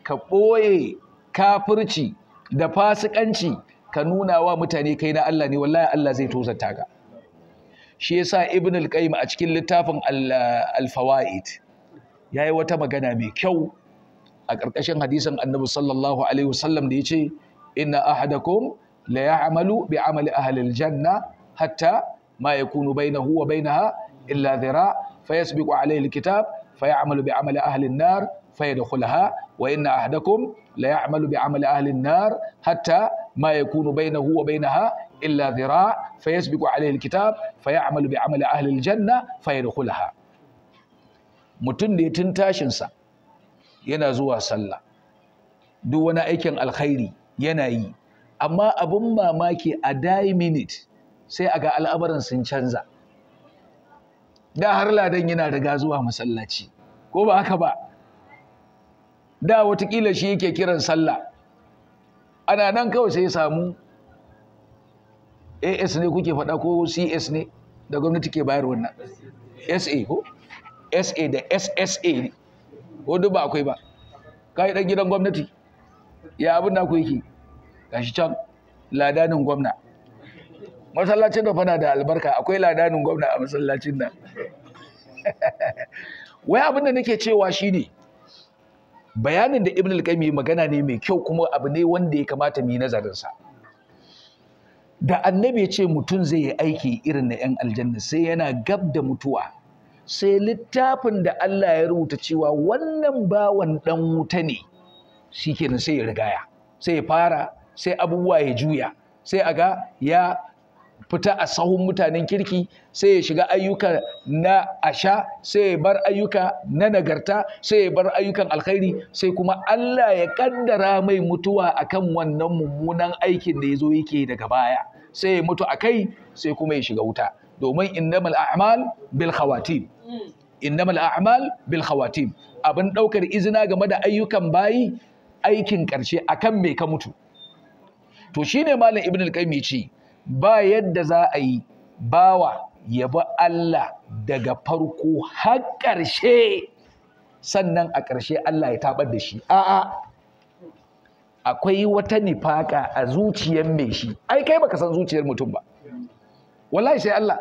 ka ɓoye kafirci da fasikanci ka nuna wa mutane kai na Allah ne wallahi Allah zai tozarta ka shi yasa ibn al-qayyim a cikin littafin al-fawaid yayi wata magana mai kyau a ƙarƙashin hadisin annabi sallallahu alaihi wasallam da yace inna ahadakum la ya'malu bi amali ahli aljanna hatta ma yakunu bainahu wa bainaha illa dhira fayasbiqu alayhi alkitab fayamalu bi amali ahli an-nar fayadkhulaha wa inna ahadakum la bi amali ahli nar hatta ma yakunu bainahu wa bainaha illa dhira fayasbiqu alayhi alkitab fayamalu bi amali mutum da tun tashin sa yana zuwa sallah duk wani aikin alkhairi yana yi amma abin mamaki a die minute sai a ga al'amuran sun canza da har ladan yana riga zuwa masallaci ko ba haka ba da watakila shi yake kiran sallah ana nan kawai sai ya samu as ne kuke faɗa ko cs ne da gwamnati ke bayar wannan sa ko sa da ssa ne ko duk ba akwai ba ka yi ɗan gidan gwamnati ya abin da ku yake gashi can ladanin gwamna masallacin da fana da albarka akwai ladanin gwamna a masallacin nan wai abin da nake cewa shine bayanin da ibn al-qayyim magana ne mai kyau kuma abu ne wanda ya kamata mu yi nazarin sa da annabi ya ce mutum zai yi aiki irin na 'yan aljanna sai yana gab da mutuwa sai littafin da Allah ya rubuta cewa wannan bawan dan wuta ne shi sai ya rigaya sai ya fara sai abubuwa ya juya sai a ga ya fita a sahun mutanen kirki sai ya shiga ayyuka na asha sai ya bar ayyuka na nagarta sai ya bar ayyukan alkhairi sai kuma Allah ya kaddara mai mutuwa akan wannan mummunan aikin da ya zo yake daga baya sai ya mutu akai sai kuma ya shiga wuta domin innamal a'mal bil khawatim innamal a'mal bil khawatim abin daukar izina game da ayyukan bayi aikin karshe akan me ka mutu to shi ne malam ibn al ce ba yadda za a yi bawa ya bi Allah daga farko har ƙarshe sannan a ƙarshe Allah ya tabar da shi a'a akwai wata nifaka a zuciyar mai shi ai kai baka san zuciyar mutum ba wallahi sai Allah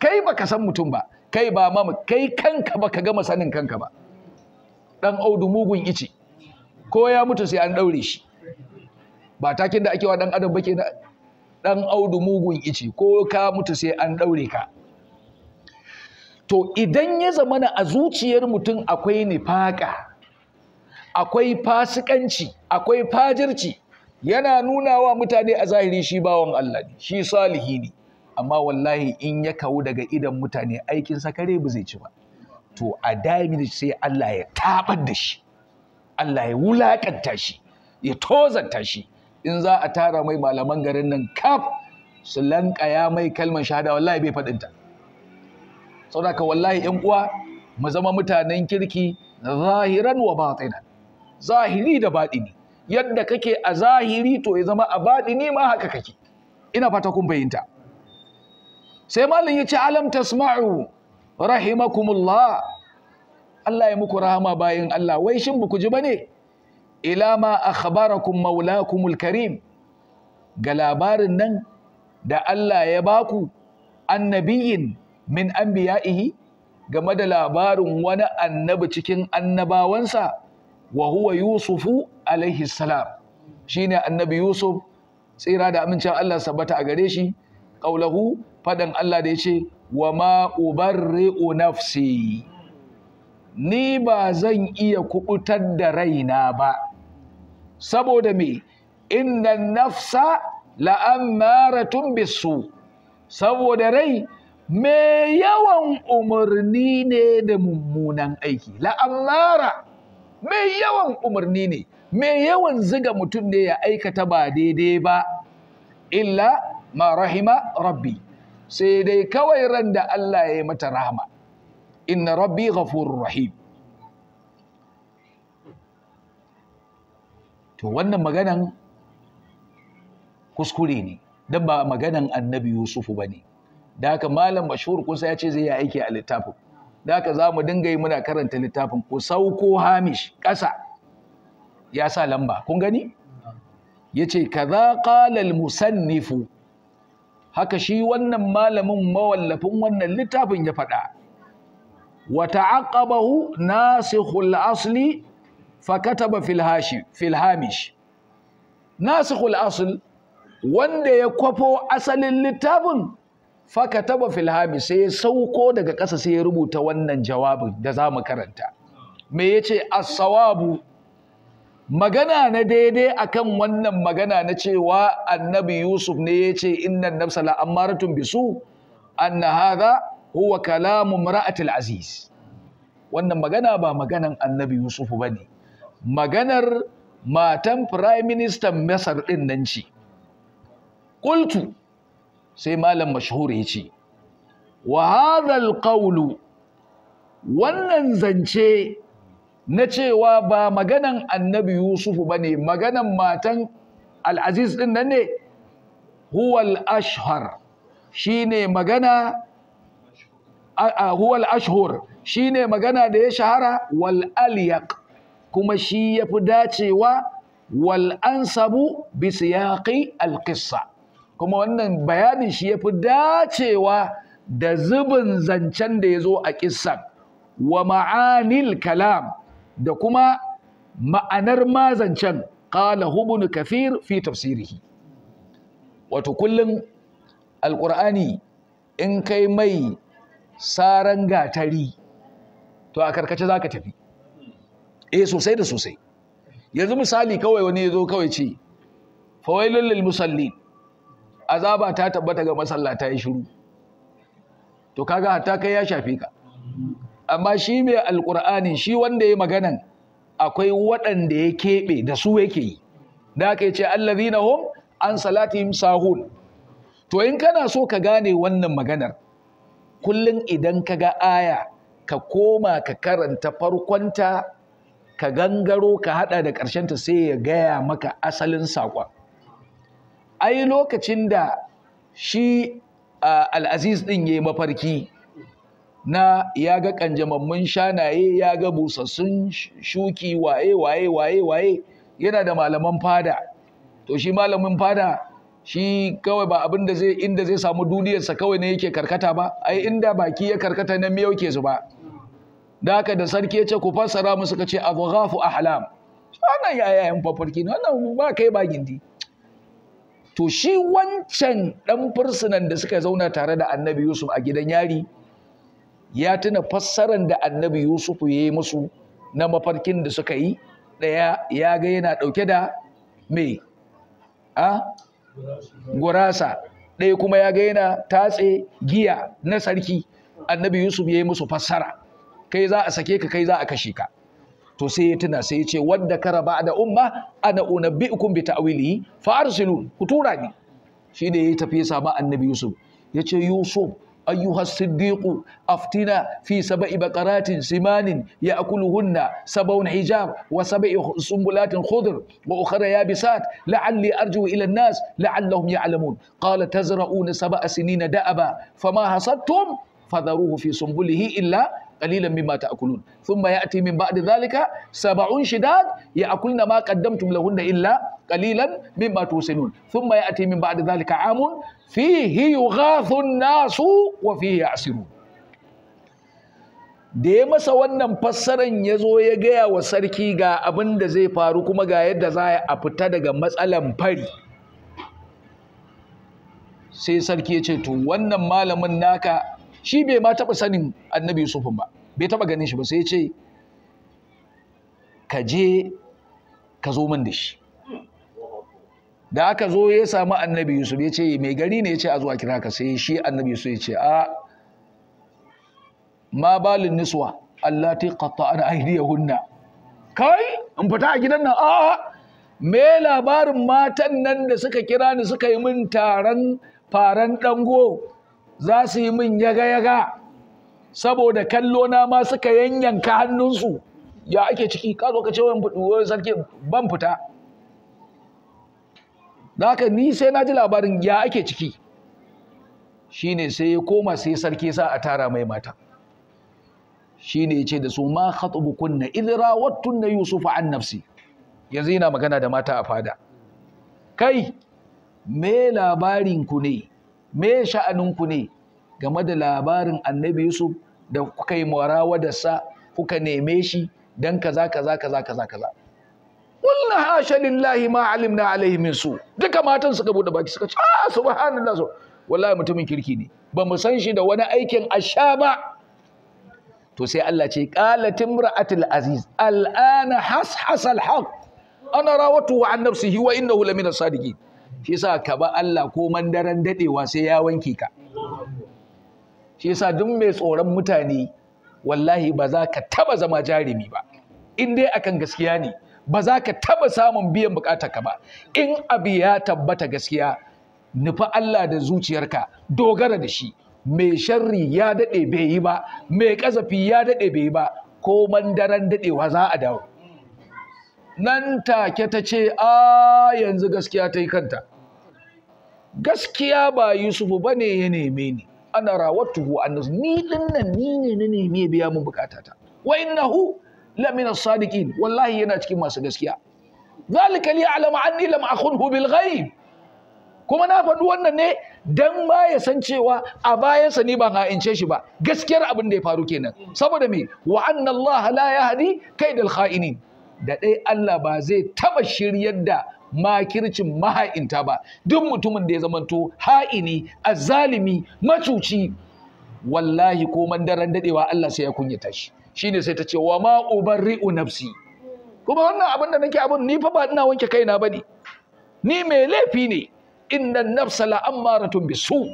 kai baka san mutum ba kai ba mama kai kanka baka gama sanin kanka ba dan audu mugun ice ko ya mutu sai an daure shi ba takin da ake wa dan adam ba na dan audu mugun ici ko ka mutu sai an daure ka to idan ya zamana a zuciyar mutum akwai nifaka akwai fasikanci akwai fajirci yana nuna wa mutane a zahiri shi bawan Allah ne shi salihi ne amma wallahi in ya kawo daga idan mutane aikin sa kare ba zai ci ba to a dami sai Allah ya tabar da shi Allah ya wulakanta shi ya tozanta shi in za a tara mai malaman garin nan kaf su lankaya mai kalmar shahada wallahi bai faɗinta saboda wallahi yan uwa mu zama mutanen kirki zahiran wa batinan zahiri da baɗini yadda kake a zahiri to ya zama a baɗini ma haka kake ina fata kun fahimta sai malam ya ce alam tasma'u rahimakumullah Allah ya muku rahama bayin Allah wai shin ku ji bane Ilama a akhbarakum maulakumul karim ga labarin nan da Allah ya baku annabiyin min anbiya'ihi game da labarin wani annabi cikin annabawansa wa huwa yusufu alaihi salam shine annabi yusuf tsira da amincin Allah sabbata a gare shi ƙaulahu fadan Allah da yace wa ma nafsi ni ba zan iya kubutar da raina ba saboda me inna nafsa la'ammaratun bisu saboda rai mai yawan umarni ne da mummunan aiki la'ammara mai yawan umarni ne mai yawan ziga mutum ne ya aikata ba daidai ba illa ma rahima rabbi sai dai kawai ran da Allah ya yi mata rahama inna rabbi ghafurur rahim to wannan maganan kuskure ne don ba maganan annabi yusufu ba ne da haka malam mashhur kusa ya ce zai yi aiki a littafin da haka za mu dinga yi muna karanta littafin ku sauko hamish ƙasa ya sa lamba kun gani ya ce kaza ƙalal musannifu haka shi wannan malamin mawallafin wannan littafin ya faɗa wa ta'aqqabahu nasikhul asli fakataba filhamish nasikhul asl wanda ya kwafo asalin littafin fakataba filhamish sai ya sauko daga ƙasa sai ya rubuta wannan jawabin da za mu karanta me ya ce asawabu magana na daidai akan wannan magana na cewa annabi yusuf ne ya ce innan nafsa la'ammaratun bisu anna hadha huwa kalamu mar'atil aziz wannan magana ba maganan annabi yusuf bane maganar matan Prime Minister Masar ɗin nan ce. Ƙultu sai malam mashhur ya ce, wa hadhal qawlu wannan zance na cewa ba maganan annabi Yusufu ba ne, maganan matan al'aziz ɗin nan ne, huwal ashhar shi ne magana huwal ashhur shi ne magana da ya shahara wal aliyak kuma shi ya fi dacewa wal ansabu bi siyaqi al alƙissa. kuma wannan bayanin shi ya fi dacewa da zubin zancen da ya zo a ƙissan wa ma'anil kalam da kuma ma'anar ma zancen hubun kafir fi tafsirihi wato kullum Alƙur'ani in kai mai saran gatari to a karkace zaka tafi eh sosai da sosai yanzu misali kawai wani ya zo kawai ce fawailun lil musalli azaba ta tabbata ga masallata ya shiru to kaga hatta kai ya shafe ka amma shi mai alkur'ani shi wanda ya maganan akwai waɗanda ya keɓe da su yake yi da aka ce allazina hum an salatihim sahun to in kana so ka gane wannan maganar kullum idan ka ga aya ka koma ka karanta farkonta ka gangaro ka haɗa da ta, sai ya gaya maka asalin saƙon ai lokacin da shi al'aziz ɗin ya yi mafarki na ya ga ƙanjamammun shanaye ya ga busassun shuki waye waye waye waye yana da malaman fada to shi malamin fada shi kawai ba abin da zai inda zai samu duniyarsa kawai ne yake karkata ba ai inda baki ya karkata na miyau ke ba. da haka da sarki ya ce ku fassara mu suka ce adghafu ahlam wannan yan fafarki ne wannan ba kai ba gindi to shi wancan dan fursunan da suka zauna tare da annabi yusuf a gidan yari ya tuna fassaran da annabi yusuf ya yi musu na mafarkin da suka yi ɗaya ya ga yana ɗauke da me a gurasa ɗaya kuma ya ga yana tatse giya na sarki annabi yusuf ya yi musu fassara kai za a sake ka kai za a kashe ka to sai ya tuna sai ya ce wanda kara ba da umma ana una bi ukum bi ta'wili fa arsilu kutura ni shi ne ya tafi sama annabi yusuf ya ce yusuf ayyuha siddiq aftina fi sab'i baqaratin simanin ya ya'kuluhunna sab'un hijab wa sab'i sumbulatin khudr wa ukhra yabisat la'alli arju ila an-nas la'allahum ya'lamun qala tazra'una sab'a sinina da'aba ma hasadtum fadharuhu fi sumbulihi illa qalilan mimma ta'kulun thumma ya'ti min ba'di dhalika sab'un shidad ya'kulna ma qaddamtum lahunna illa qalilan mimma tusinun thumma ya'ti min ba'di dhalika 'amun fihi yughathu nasu wa da ya masa wannan fassaran ya zo ya gaya wa sarki ga abin da zai faru kuma ga yadda za a fita daga matsalan fari sai sarki ya ce to wannan malamin naka shi bai ma taɓa sanin annabi yusufun ba bai taɓa ganin shi ba sai ya ce ka je ka zo min da shi da aka zo ya samu annabi yusuf ya ce mai gari ne ya ce a zuwa kira ka sai shi annabi yusuf ya ce a ma balin niswa Allah ta qatta an kai in fita a gidan nan a me labarin matan nan da suka kira ni suka yi min taron faran dango za su yi min yaga-yaga saboda kallo na ma suka yanyanka hannunsu ya ake ciki ka zo ka ce wani sarki ban fita da haka ni sai na ji labarin ya ake ciki shine sai ya koma sai sarki sa a tara mai mata shine ya ce da su ma idra idh rawattunna yusuf an nafsi yanzu yana magana da mata a fada kai me labarin ku ne me sha'aninku ne game da labarin annabi Yusuf da kuka yi sa kuka neme shi don kaza kaza kaza kaza kaza kullu hasha lillahi ma alimna alaihi min su duka matan suka bude baki suka ce ah subhanallah so wallahi mutumin kirki ne ba mu san shi da wani aikin asha ba to sai Allah ce qalat imra'atul aziz al'ana hashasal haqq ana rawatu an nafsihi wa innahu lamina sadiqin shi yasa ka ba Allah ko daren dadewa sai ya wanke ka shi yasa duk mai tsoron mutane wallahi ba za ka taba zama jarumi ba in dai akan gaskiya ne ba za ka taba samun biyan ka ba in abu ya tabbata gaskiya nufi Allah da zuciyarka dogara da shi mai sharri ya dade bai yi ba mai ƙazafi ya dade bai yi ba ko daren daɗewa za a dawo nan take ta ce a yanzu gaskiya ta yi kanta gaskiya ba yusufu ba ne ya neme ni ana hu an ni din nan ni ne na neme biya mun bukatata wa innahu la min as-sadiqin wallahi yana cikin masu gaskiya zalika li ya'lamu anni lam akhunhu bil ghaib kuma na faɗi wannan ne dan ba ya san cewa a bayansa ni ban ha'ince shi ba gaskiyar abin da ya faru kenan saboda me wa anna Allah la yahdi kaidal kha'inin da ɗai Allah ba zai taɓa shiryar da makircin maha'inta ba duk mutumin da ya zamanto ha'ini azalimi, macuci wallahi ko daren daɗewa Allah sai ya kunyata shi shine sai ta ce wa ma ubarri'u nafsi kuma wannan abin da nake abin ni fa ba ina wanke kaina bane ni mai laifi ne inna nafsa maratun bisu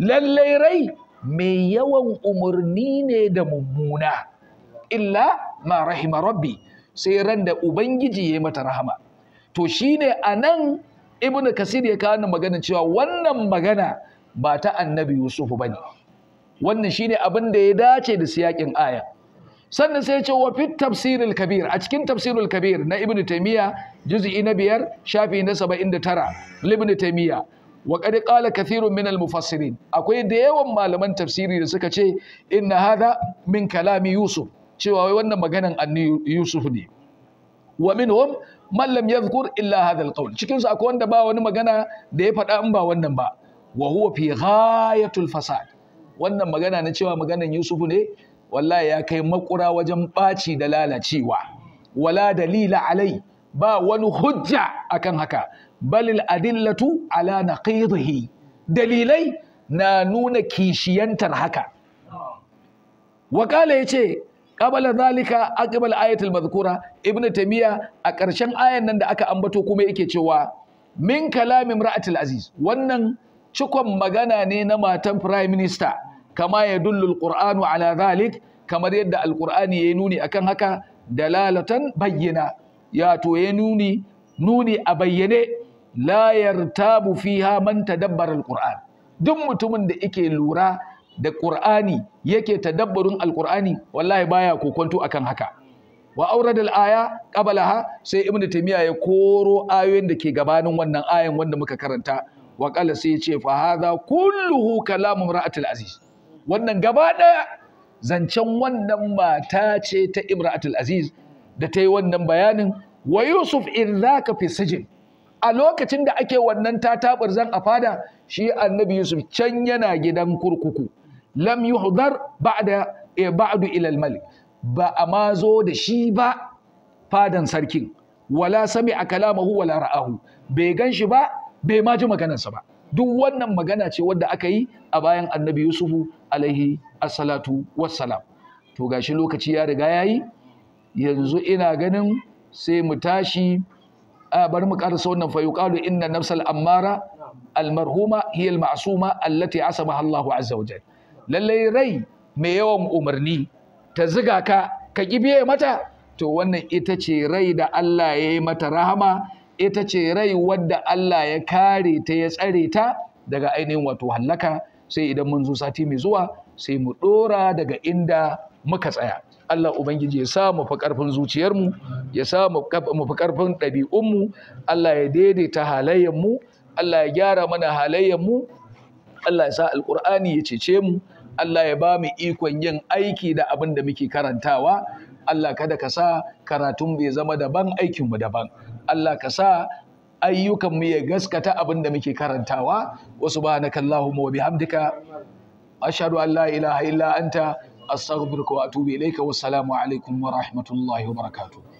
lallai rai mai yawan umarni ne da mummuna illa ma rahima rabbi sai ran da ubangiji ya yi mata rahama to shine anan ibnu kasir ya kawo maganin cewa wannan magana ba ta annabi yusuf bane wannan shine abin da ya dace da siyakin aya sannan sai ce wa fit kabir a cikin tafsirul kabir na ibnu taymiya juz'i na biyar shafi na 79 ibnu taymiya wa qad qala kathirun min al mufassirin akwai da yawan malaman tafsiri da suka ce inna hadha min kalami yusuf cewa wai wannan maganan anni yusuf ne wa minhum man lam yadhkur illa hadha alqawl cikin su akwai wanda ba wani magana da ya faɗa in ba wannan ba wa huwa fi ghayatul fasad wannan magana na cewa maganan yusuf ne wallahi ya kai makura wajen ɓaci da lalacewa wala dalila alai ba wani hujja akan haka balil adillatu ala naqidihi dalilai na nuna kishiyantar haka wakala yace qabala zalika aqbal ayatul mazkura ibnu tamiya a ƙarshen ayan nan da aka ambato kuma yake cewa min kalamin ra'atul aziz wannan cikon magana ne na matan prime minister kama ya dullu Alƙur'anu ala zalik kamar yadda alqur'ani ya nuni akan haka dalalatan bayyana ya to ya nuni nuni a bayyane la yartabu fiha man tadabbara Alƙur'an, duk mutumin da yake lura da ƙur'ani yake tadabburin Alƙur'ani? wallahi baya kokonto akan haka wa auradal al-aya qablaha sai ibnu taymiya ya koro ayoyin da ke gabanin wannan ayan wanda muka karanta wa qala sai ya ce fa hadha kulluhu kalamu imra'atil aziz wannan gaba daya zancen wannan mata ce ta imra'atil aziz da ta yi wannan bayanin wa yusuf in zaka fi sijin a lokacin da ake wannan tatabar zan a fada shi annabi yusuf can yana gidan kurkuku lam yuhdar ba'da eh, ba'du ila al ba a ma zo da shi ba fadan sarkin wala sami a kalamahu wala ra'ahu bai gan shi ba bai ma ji maganarsa ba duk wannan magana ce wadda aka yi a bayan annabi yusufu alaihi assalatu wassalam to gashi lokaci ya riga ya yi yanzu ina ganin sai mu tashi a bari mu karasa wannan fa yuqalu inna nafsal ammara almarhuma hiya ma'suma allati asamaha Allahu azza wa jalla lallai rai mai yawan umarni ta ziga ka ka kibiye mata to wannan ita ce rai da Allah ya yi mata rahama ita ce rai wadda Allah ya kare ta ya tsare ta daga ainihin wato hallaka sai idan mun zo sati mai zuwa sai mu ɗora daga inda muka tsaya Allah Ubangiji ya sa mu fi ƙarfin zuciyarmu ya sa mu fi ƙarfin ɗabi'unmu Allah ya daidaita halayenmu Allah ya gyara mana halayenmu Allah ya sa alƙur'ani ya cece mu Allah ya ba mu ikon yin aiki da abin da muke karantawa Allah kada ka sa karatun bai zama daban aikin mu daban Allah ka sa ayyukan mu ya gaskata abin da muke karantawa wa subhanakallahumma wa bihamdika ashhadu an la ilaha illa anta astaghfiruka wa atubu ilayka wassalamu alaikum wa rahmatullahi wa barakatuh